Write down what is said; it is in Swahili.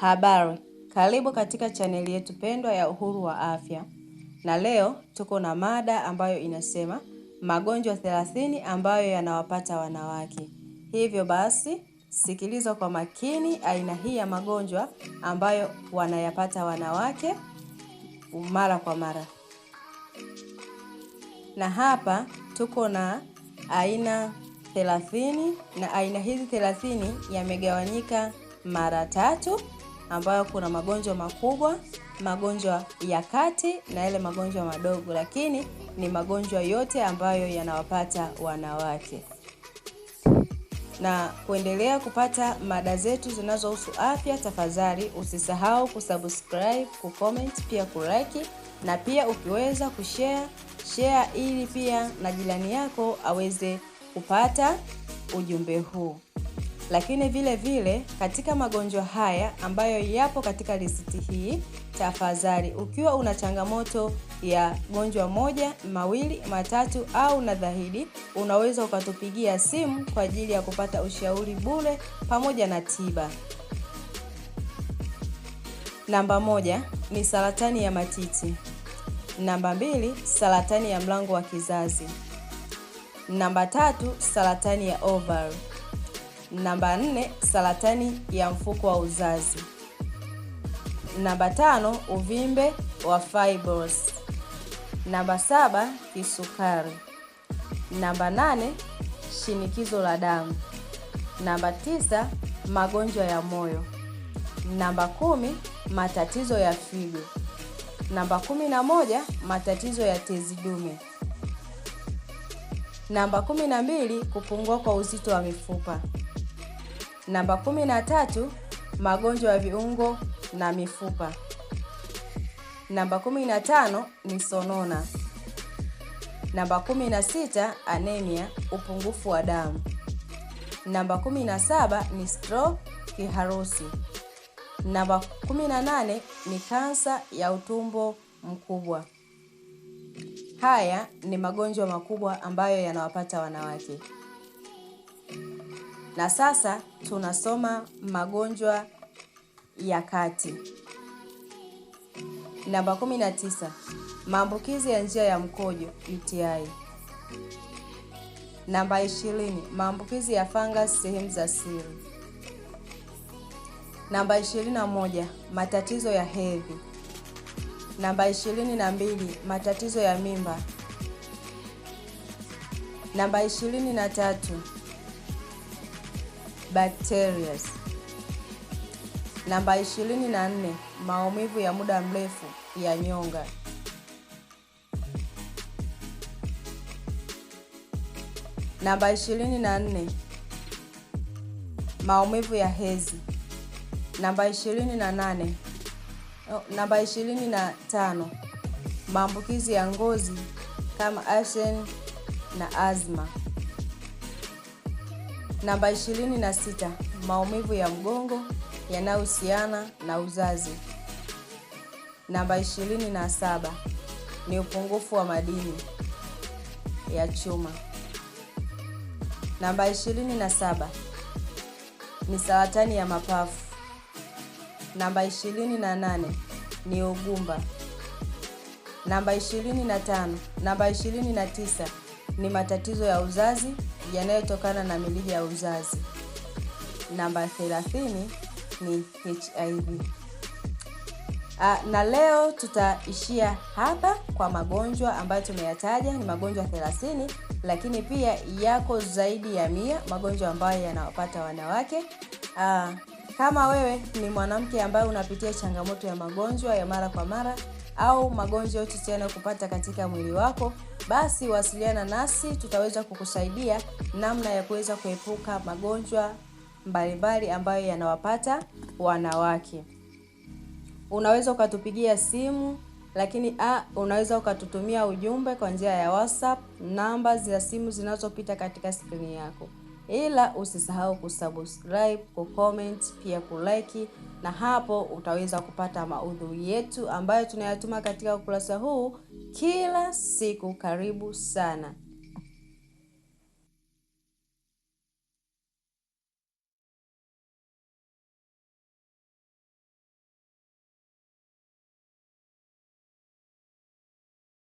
Habari, karibu katika chaneli yetu pendwa ya Uhuru wa Afya, na leo tuko na mada ambayo inasema magonjwa thelathini ambayo yanawapata wanawake. Hivyo basi sikiliza kwa makini aina hii ya magonjwa ambayo wanayapata wanawake mara kwa mara, na hapa tuko na aina thelathini, na aina hizi thelathini yamegawanyika mara tatu ambayo kuna magonjwa makubwa, magonjwa ya kati na yale magonjwa madogo, lakini ni magonjwa yote ambayo yanawapata wanawake. Na kuendelea kupata mada zetu zinazohusu afya, tafadhali usisahau kusubscribe, kucomment, pia kulike na pia ukiweza kushare share, ili pia na jirani yako aweze kupata ujumbe huu. Lakini vile vile katika magonjwa haya ambayo yapo katika listi hii, tafadhali ukiwa una changamoto ya gonjwa moja, mawili, matatu au na dhahidi, unaweza ukatupigia simu kwa ajili ya kupata ushauri bure pamoja na tiba. Namba moja ni saratani ya matiti. Namba mbili, saratani ya mlango wa kizazi. Namba tatu, saratani ya ovari. Namba nne, saratani ya mfuko wa uzazi. Namba tano, uvimbe wa fibroids. Namba saba, kisukari. Namba nane, shinikizo la damu. Namba tisa, magonjwa ya moyo. Namba kumi, matatizo ya figo. Namba kumi na moja, matatizo ya tezi dume. Namba kumi na mbili, kupungua kwa uzito wa mifupa. Namba 13 magonjwa ya viungo na mifupa. Namba 15 ni sonona. Namba 16 na anemia, upungufu wa damu. Namba 17 na ni stroke, kiharusi. Namba 18 ni kansa ya utumbo mkubwa. Haya ni magonjwa makubwa ambayo yanawapata wanawake. Na sasa tunasoma magonjwa ya kati. Namba 19, maambukizi ya njia ya mkojo UTI. Namba 20, maambukizi ya fungus sehemu za siri. Namba 21, matatizo ya hedhi. Namba 22, matatizo ya mimba. Namba 23 bacterias. Namba 24, maumivu ya muda mrefu ya nyonga. Namba 24, maumivu ya hezi. Namba 28, namba 25, maambukizi ya ngozi kama asen na azma. Namba 26, maumivu ya mgongo yanayohusiana na uzazi. Namba 27 ni upungufu wa madini ya chuma. Namba 27 ni saratani ya mapafu. Namba 28 ni ugumba. Namba 25, namba 29 ni matatizo ya uzazi yanayotokana na milija ya uzazi. Namba 30 ni HIV. A, ah, na leo tutaishia hapa kwa magonjwa ambayo tumeyataja ni magonjwa 30, lakini pia yako zaidi ya mia magonjwa ambayo yanawapata wanawake. A, ah, kama wewe ni mwanamke ambaye unapitia changamoto ya magonjwa ya mara kwa mara au magonjwa yote tena kupata katika mwili wako, basi wasiliana nasi, tutaweza kukusaidia namna ya kuweza kuepuka magonjwa mbalimbali ambayo yanawapata wanawake. Unaweza ukatupigia simu lakini a, unaweza ukatutumia ujumbe kwa njia ya WhatsApp, namba za simu zinazopita katika skrini yako ila usisahau kusubscribe, kucomment, pia kulike, na hapo utaweza kupata maudhui yetu ambayo tunayatuma katika ukurasa huu kila siku. Karibu sana.